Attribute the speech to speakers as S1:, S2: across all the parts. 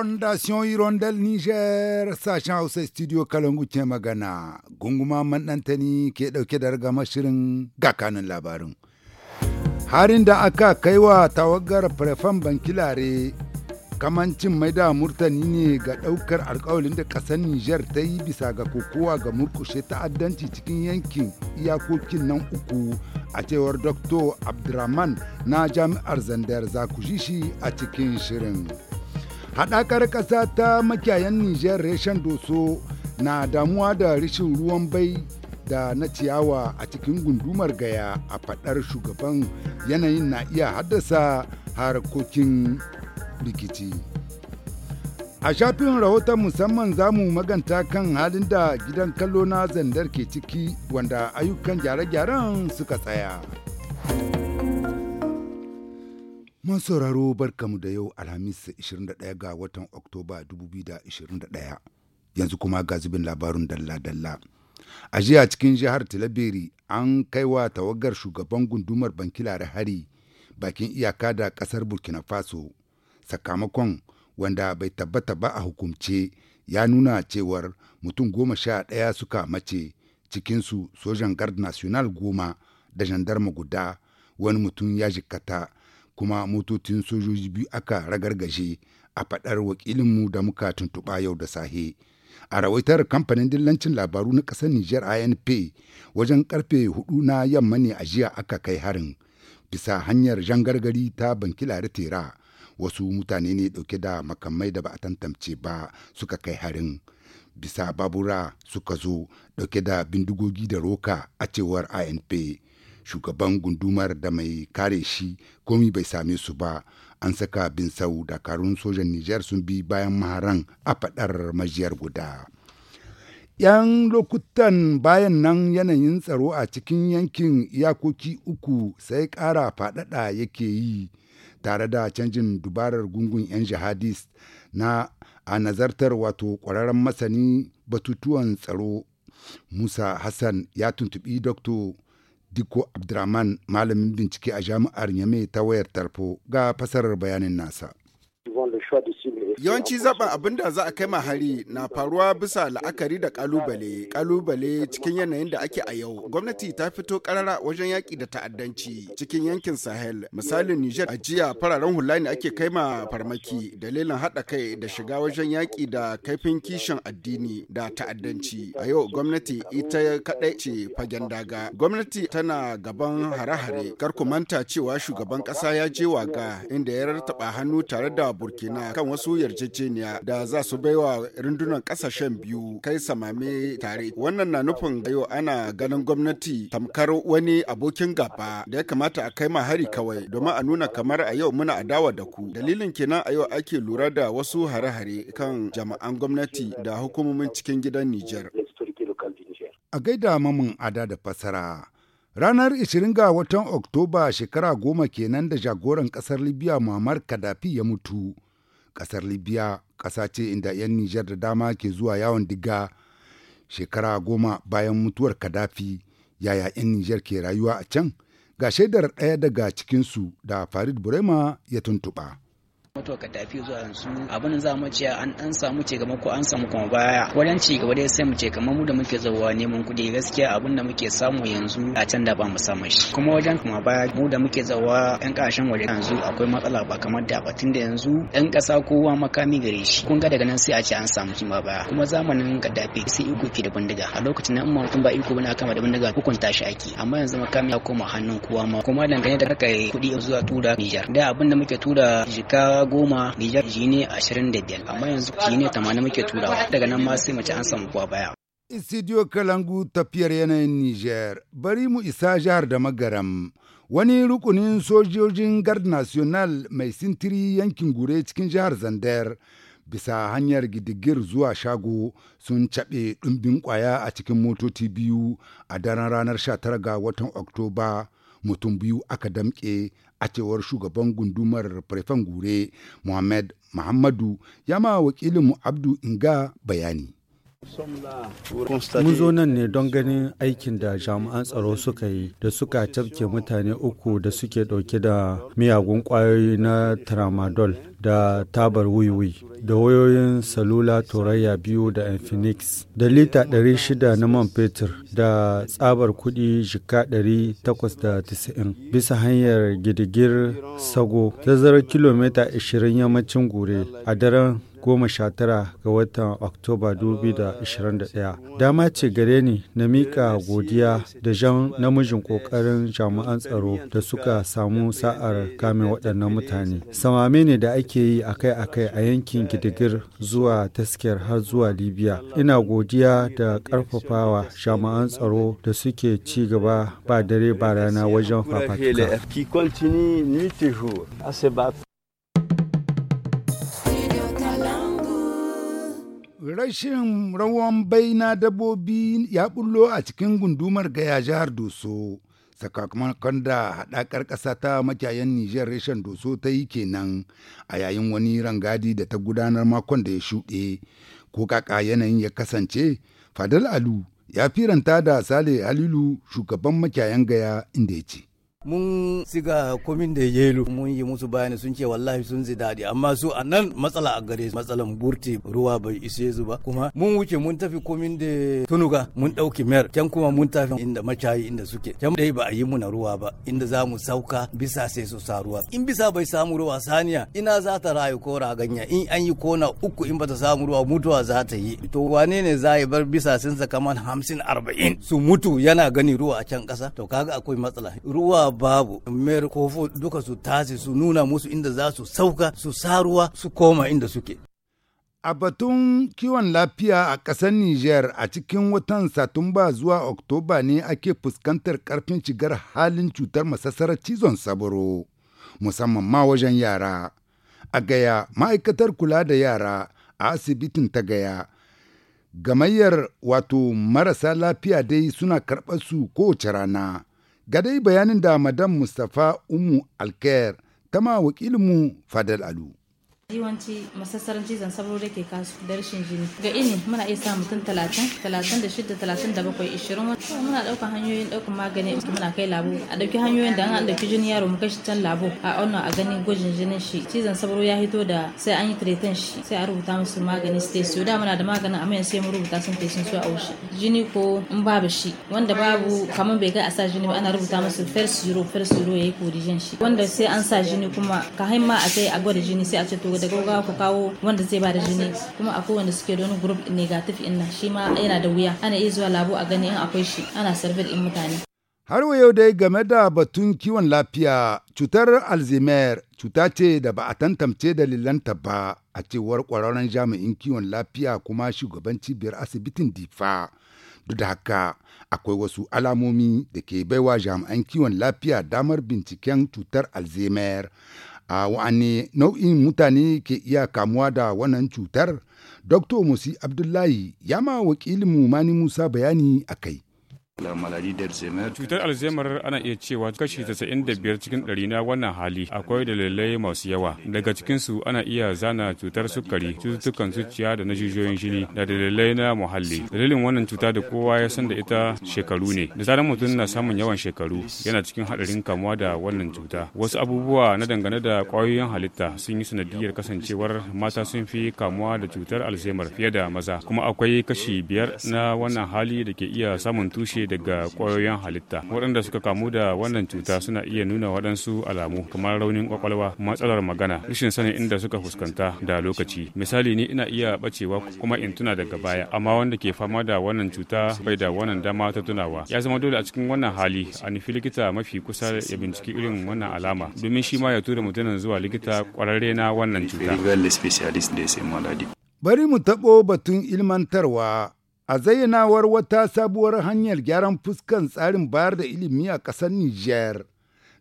S1: fondation hirondel niger sashen hausa studio kalangu ke magana gunguma maɗantani ke ɗauke da ragamar shirin gakanin labarin harin da aka kai wa tawagar prefan bankilare kamancin mai da murtani ne ga ɗaukar alkawalin da ƙasar niger ta yi bisa ga kokowa ga murkushe ta'addanci cikin yankin iyakokin nan uku a cewar dr abdurrahman na jami'ar zandar zakushishi a cikin shirin. haɗakar ƙasa ta makiyayen nijar reshen doso na damuwa da rishin ruwan bai da na ciyawa a cikin gundumar gaya a faɗar shugaban yanayin na iya haddasa harkokin rikici a shafin rahoton musamman zamu maganta kan halin da gidan kallo na zandar ke ciki wanda ayyukan gyare-gyaren suka tsaya. Masauraro barkamu da yau Alhamis 21 ga watan Oktoba 2021 yanzu kuma ga zubin labarun dalla-dalla. A jiya cikin jihar Tilaberi an kaiwa tawagar shugaban gundumar bankilare hari bakin iyaka da kasar Burkina Faso. Sakamakon wanda bai tabbata ba a hukumce ya nuna cewar mutum goma sha ɗaya suka mace cikinsu sojan gard national goma da shandarma guda wani mutum ya jikata. kuma motocin sojoji biyu aka ragargaje a faɗar wakilinmu da muka tuntuɓa yau da sahe. A rawaitar kamfanin dillancin labaru na ƙasar Nijar INP wajen karfe hudu na yamma ne a jiya aka kai harin. Bisa hanyar jan gargari ta bankilari tera wasu mutane ne ɗauke da makamai da ba a tantance ba suka kai harin. Bisa babura suka zo ɗauke da bindigogi da roka a cewar INP. shugaban gundumar da mai kare shi komi bai same su ba an saka bin sau dakarun sojan Nijar sun bi bayan maharan a fadar majiyar guda. 'Yan lokutan bayan nan yanayin tsaro a cikin yankin iyakoki uku sai ƙara faɗaɗa yake yi tare da canjin dubarar gungun 'yan jihadist na a nazartar wato ƙwararren masani batutuwan tsaro. Musa Hassan ya tuntubi Dr. Diko Abdurrahman malamin bincike a jami'ar yamai ta wayar tarfo ga fasarar bayanin nasa.
S2: Yawanci zaɓa abin da za a kai ma hari na faruwa bisa la'akari da ƙalubale, ƙalubale cikin yanayin da ake a yau. Gwamnati ta fito ƙarara wajen yaƙi da ta'addanci cikin yankin Sahel. Misalin Nijar a jiya fararen hula ne ake kai ma farmaki dalilin haɗa kai da shiga wajen yaƙi da kaifin kishin addini da ta'addanci. A yau gwamnati ita kaɗai ce fagen daga. Gwamnati tana gaban hare-hare. Kar ku manta cewa shugaban ƙasa ya je waga inda ya rartaba hannu tare da Burkina kan wasu yarjejeniya da za su baiwa rundunar kasashen biyu kai samame tare wannan na nufin yau ana ganin gwamnati tamkar wani abokin gaba da ya kamata a kai ma hari kawai domin a nuna kamar a yau muna adawa da ku dalilin kenan a yau ake lura da wasu hare-hare
S1: kan jama'an
S2: gwamnati da hukumomin cikin gidan Nijar.
S1: A gaida mamun ada da fasara. Ranar 20 ga watan Oktoba shekara goma kenan da jagoran ƙasar Libya Muammar Gaddafi ya mutu. kasar libya ƙasa ce inda 'yan nijar da dama ke zuwa yawon diga shekara goma bayan mutuwar kadafi yaya 'yan nijar ke rayuwa a can ga shaidar ɗaya daga cikinsu da farid burema ya tuntuɓa.
S2: Mutuwa ka tafi zuwa yanzu abin za mu ce an dan samu ce gaba ko an samu kuma baya wajen ci gaba dai sai mu ce kamar mu da muke zuwa neman kuɗi gaskiya abin da muke samu yanzu a can da ba mu samu shi kuma wajen kuma baya mu da muke zuwa yan kashin waje yanzu akwai matsala ba kamar da ba tunda yanzu yan ƙasa kowa makami gare shi kun ga daga nan sai a ce an samu cima baya kuma zamanin Gaddafi sai iko ke da bindiga a lokacin nan ma mutum ba iko bane kama da bindiga hukunta shi ake amma yanzu makami ya koma hannun kowa ma kuma dangane da kai kuɗi zuwa tura Niger da abin da muke tura jika goma Nijar ne ashirin da biyar amma yanzu ne tamanin muke turawa daga nan ma sai mace an samu kuwa baya.
S1: Studio Kalangu tafiyar yanayin Nijar bari mu isa jihar da magaram wani rukunin sojojin Guard National mai sintiri yankin gure cikin jihar Zandar bisa hanyar gidigir zuwa shago sun caɓe ɗumbin ƙwaya a cikin motoci biyu a daren ranar 19 ga watan Oktoba mutum biyu aka damƙe a cewar shugaban gundumar prefen gure muhammad muhammadu ya ma wakilinmu abdu inga bayani
S3: Mun zo nan ne don ganin aikin da jami'an tsaro suka yi da suka tafke mutane uku da suke dauke da miyagun kwayoyi na tramadol da tabar wiwi da wayoyin salula turayya biyu da infinix da lita 600 na man fetur da tsabar kudi jika 890 bisa hanyar gidigir sago tazarar kilomita 20 yammacin gure a daren goma sha tara ga watan Oktoba 2021. Dama ce gare ni na miƙa godiya da jan namijin ƙoƙarin jami'an tsaro da suka samu sa'ar kame waɗannan mutane. Samame ne da ake yi akai-akai a yankin Gidigir zuwa taskiyar har zuwa Libya. Ina godiya da ƙarfafawa jami'an tsaro da suke ci gaba ba dare ba rana wajen fafatuka.
S1: rashin rawan baina na dabbobi ya bullo a cikin gundumar gaya jihar doso sakamakon da haɗakar ƙasa ta makiyayen nijar rashin doso ta yi kenan a yayin wani rangadi da ta gudanar makon da ya shuɗe ko kaka yanayin ya kasance fadal alu ya firanta da sale halilu shugaban makiyayen gaya inda ya ce
S2: mun siga komin da yelo mun yi musu bayani sun ce wallahi sun ji daɗi amma su a nan matsala a gare matsalan burti ruwa bai ise su ba kuma mun wuce mun tafi komin da tunuga mun ɗauki mer. can kuma mun tafi inda macayi inda suke can dai ba a yi muna ruwa ba inda za mu sauka bisa sai su sa ruwa in bisa bai samu ruwa saniya ina za ta rayu ko raganya in an yi kona uku in bata samu ruwa mutuwa za ta yi to wane ne za ya bar bisa sun kamar hamsin arba'in su mutu yana gani ruwa a can kasa to kaga akwai matsala ruwa babu mayar kofo duka su
S1: tasi su nuna musu inda za su sauka su sa su koma inda suke A batun kiwon lafiya a ƙasar Nijar a cikin watan Satumba zuwa Oktoba ne ake fuskantar ƙarfin shigar halin cutar masassarar cizon saburo, musamman ma wajen yara. A gaya ma'aikatar kula da yara a asibitin ta gaya. Gamayyar wato marasa lafiya dai suna karɓar su kowace rana. gadai bayanin da Madam Mustapha Umu Alkair ta ma wakilinmu Fadal Alu.
S3: yawanci masassaran cizon sauro da ke kasu da rashin jini ga ini muna iya sa mutum talatin talatin da shida talatin da bakwai ishirin wani. muna ɗaukar hanyoyin ɗaukar magani muna kai labo a ɗauki hanyoyin da an ɗauki jini yaro mu kai shi can labo a auna a gani gwajin jinin shi cizon sauro ya hito da sai an yi tretan shi sai a rubuta musu magani stesio da muna da maganin amma yanzu sai mu rubuta sun fesin su a wuce jini ko in babu shi wanda babu kamar bai kai a sa jini ba ana rubuta musu first zero first zero ya yi kodijin shi wanda sai an sa jini kuma ka haima a sai a gwada jini sai a ce to da gaugawa ku kawo wanda zai ba da jini kuma akwai wanda suke da wani group negative in nan shi ma yana da wuya ana iya zuwa labo a gani in akwai shi ana sarfe in mutane
S1: har wa yau dai game da batun kiwon lafiya cutar alzheimer cuta ce da ba a tantance dalilanta ba a cewar kwararren jami'in kiwon lafiya kuma shugaban cibiyar asibitin difa duk da haka akwai wasu alamomi da ke baiwa jami'an kiwon lafiya damar binciken cutar alzheimer a wa'anne nau'in mutane ke iya kamuwa da wannan cutar dr musi abdullahi ya ma wakilin mani musa bayani a
S4: kai Cutar Alzheimer ana iya cewa kashi biyar cikin ɗari na wannan hali akwai dalilai masu yawa. Daga cikinsu ana iya zana cutar sukari, cututtukan zuciya da na jijiyoyin jini da dalilai na muhalli. Dalilin wannan cuta da kowa ya san da ita shekaru ne. Da zarar mutum na samun yawan shekaru yana cikin haɗarin kamuwa da wannan cuta. Wasu abubuwa na dangane da ƙwayoyin halitta sun yi sanadiyar kasancewar mata sun fi kamuwa da cutar Alzheimer fiye da maza. Kuma akwai kashi biyar na wannan hali da ke iya samun tushe daga ƙwayoyin halitta waɗanda suka kamu da wannan cuta suna iya nuna waɗansu alamu kamar raunin kwakwalwa matsalar magana rashin sanin inda suka fuskanta da lokaci misali ni ina iya bacewa kuma in tuna daga baya amma wanda ke fama da wannan cuta bai da wannan dama ta tunawa ya zama dole a cikin wannan hali a nufi likita mafi kusa ya binciki irin wannan alama domin shi ma ya tura mutumin zuwa likita ƙwararre na wannan cuta bari
S1: mu taɓo batun ilmantarwa A zayyanawar wata sabuwar hanyar gyaran fuskan tsarin bayar da ilimi a ƙasar Nijar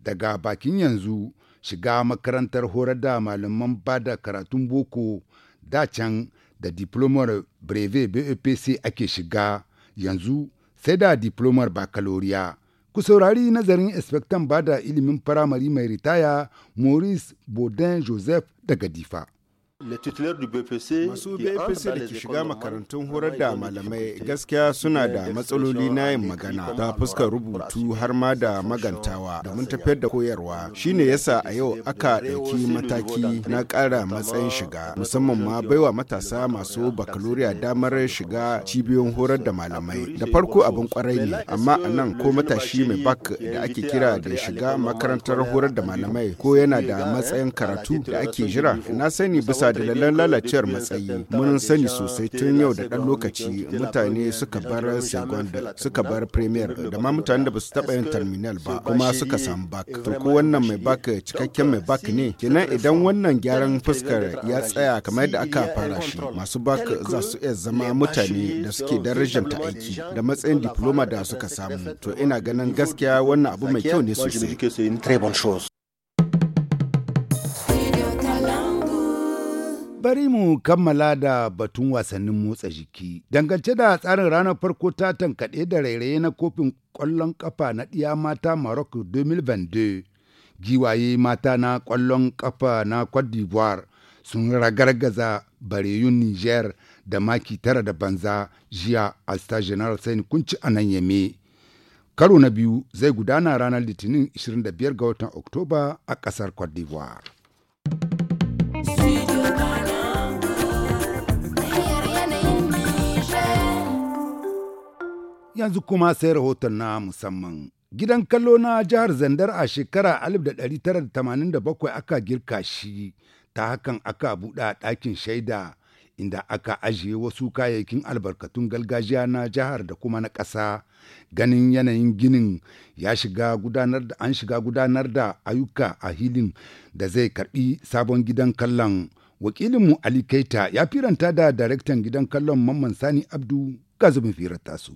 S1: daga bakin yanzu shiga makarantar horar da malaman ba da karatun boko da can da diplomar breve BAPC e ake shiga yanzu sai da diplomar bakaloriya. Ku saurari nazarin inspektan ba da ilimin firamare mai ritaya Maurice Baudin Joseph daga Difa.
S2: masu bpc da ke shiga makarantun horar da malamai
S1: gaskiya suna da matsaloli na yin magana
S2: ta fuskar rubutu har ma da magantawa domin tafiyar da koyarwa shine yasa a yau aka ɗauki mataki na ƙara matsayin shiga musamman ma baiwa matasa masu bakaloriya damar shiga cibiyoyin horar da malamai da farko abin kwarai ne amma a nan ko matashi mai bak da ake kira da shiga makarantar horar da malamai ko yana da matsayin karatu da ake jira na sani bisa bisa dalilan lalacewar matsayi mun sani sosai tun yau da ɗan lokaci mutane suka bar da suka bar premier da ma mutane da basu su taɓa yin terminal ba kuma suka samu bak to ko wannan mai bak cikakken mai bak ne kenan idan wannan gyaran fuskar ya tsaya kamar yadda aka fara shi masu bak za su iya zama mutane da suke ta aiki da matsayin diploma da suka samu to ina ganin gaskiya wannan abu mai kyau ne sosai
S1: Bari mu kammala da batun wasannin motsa jiki. Dangance da tsarin ranar farko ta tankaɗe da rairaye na kofin ƙwallon ƙafa na ɗiya mata Morocco 2022, giwaye mata na ƙwallon ƙafa na Cote d'Ivoire sun ragargaza bareyun Niger da maki tara da banza jiya a General Sain kunci a nan yame. Karo na biyu zai gudana ranar Litinin 25 ga watan Oktoba a ƙasar Cote d'Ivoire. yanzu kuma sai rahoton na musamman. Gidan kallo na jihar Zandar a shekara 1987 aka girka shi, ta hakan aka buɗa ɗakin shaida inda aka ajiye wasu kayayyakin albarkatun gargajiya na jihar da kuma na ƙasa. Ganin yanayin ginin ya shiga gudanar da an shiga gudanar da ayyuka a hilin da zai karɓi sabon gidan kallon. Wakilinmu Ali Keita ya firanta da daraktan gidan kallon Mamman Sani Abdu ga zubin firar tasu.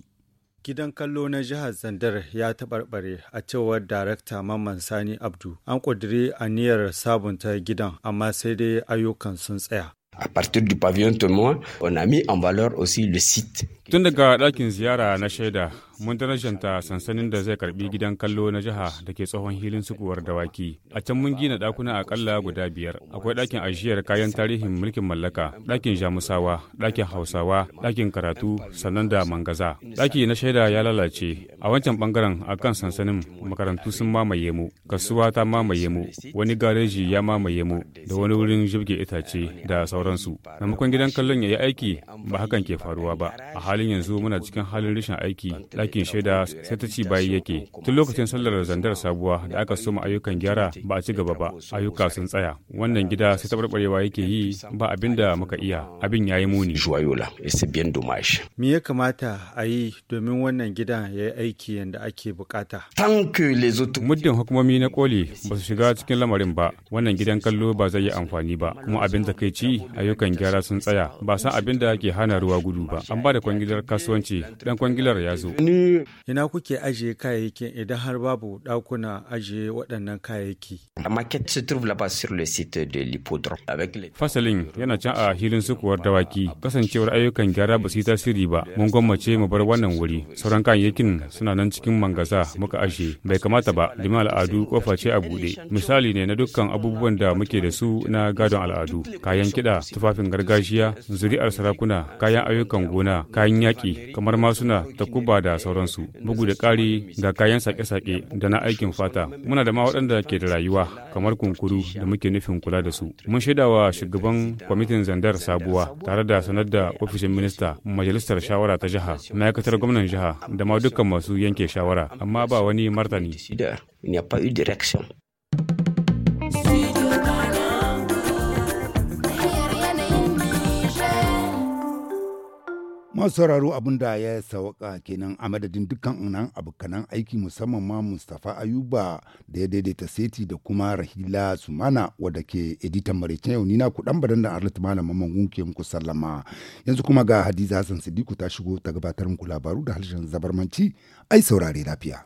S3: Gidan kallo na jihar Zandar ya taɓarɓare a cewar Darakta Mamman Sani Abdu. An ƙudiri aniyar sabunta gidan, amma sai dai ayyukan sun tsaya.
S4: a partir du pavillon Tomoy,
S2: on a mis en valeur aussi le site.
S4: Tun daga ɗakin ziyara na shaida mun darajanta sansanin da zai karbi gidan kallo na jiha da ke tsohon hilin sukuwar dawaki. A can mun gina ɗakuna akalla guda biyar. Akwai ɗakin ajiyar kayan tarihin mulkin mallaka, ɗakin jamusawa, ɗakin hausawa, ɗakin karatu, sannan da mangaza. Ɗaki na shaida ya lalace. A wancan ɓangaren a kan sansanin makarantu sun mamaye mu, kasuwa ta mamaye mu, wani gareji ya mamaye mu, da wani wurin jibge itace da sauransu. Maimakon gidan kallon ya yi aiki ba hakan ke faruwa ba. A halin yanzu muna cikin halin rashin aiki. aikin shaida sai ta ci bayi yake tun lokacin sallar zandar sabuwa da aka soma ayyukan gyara ba a ci gaba ba ayyuka sun tsaya wannan gida sai taɓarɓarewa yake yi ba abin da muka iya abin ya yi muni
S3: me ya kamata a yi domin wannan gidan ya yi aiki yadda ake bukata
S4: muddin hukumomi na koli ba su shiga cikin lamarin ba wannan gidan kallo ba zai yi amfani ba kuma abin da takaici ayyukan gyara sun tsaya ba san abin da ke hana ruwa gudu ba an ba da kwangilar kasuwanci dan kwangilar ya zo Ina kuke ajiye kayayyaki idan har babu dakuna ajiye waɗannan kayayyaki? Fasalin yana can a hilin sukuwar dawaki kasancewar ayyukan gyara ba su yi tasiri ba mun gwammace mu bar wannan wuri sauran kayayyakin suna nan cikin mangaza muka ashe bai kamata ba liman al'adu kofa ce a buɗe misali ne na dukkan abubuwan da muke da su na gadon al'adu kayan kiɗa tufafin gargajiya zuri'ar sarakuna kayan ayyukan gona kayan yaƙi kamar masuna takuba da sauran sauransu bugu da ƙari ga kayan sake-sake da na aikin fata muna da ma waɗanda ke da rayuwa kamar kunkuru da muke nufin kula da su mun shaida wa shugaban kwamitin zandar sabuwa tare da sanar da ofishin minista majalisar shawara ta jiha ma'aikatar gwamnan jiha da ma dukkan masu yanke shawara amma ba wani martani
S1: masu sauraro abin da ya sauka kenan a madadin dukkan nan abokanan aiki musamman ma mustafa Ayuba da ya daidaita seti da kuma Rahila Sumana wadda ke editan maraicin yau nina na ku dan badan da Arlit Malam Mamman gunke muku sallama yanzu kuma ga Hadiza Hassan Sidiku ta shigo ta gabatar muku labaru da harshen zabarmanci ai saurare
S4: lafiya.